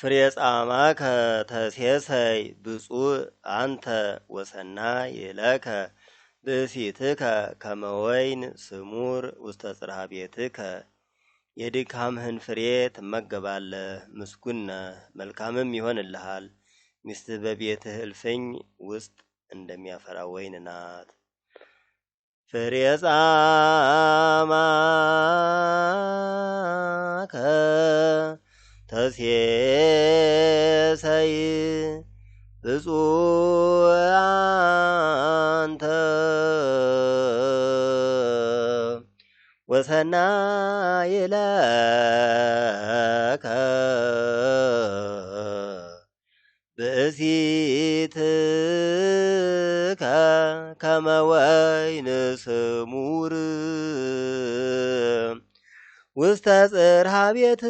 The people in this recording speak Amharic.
ፍሬ ጻማከ ከተሴሰይ ብፁ አንተ ወሰና የለከ ብእሲትከ ከመወይን ስሙር ውስተ ጽርሐ ቤትከ። የድካምህን ፍሬ ትመገባለህ፣ ምስጉነ መልካምም ይሆንልሃል። ሚስት በቤትህ እልፍኝ ውስጥ እንደሚያፈራ ወይን ናት። ፍሬ ጻማከ ተሴሰይ ብፁዕ አንተ ወሰናይ ለከ ብእሲትከ ከመ ወይን ስሙር ውስተ ጽርሃ ቤትከ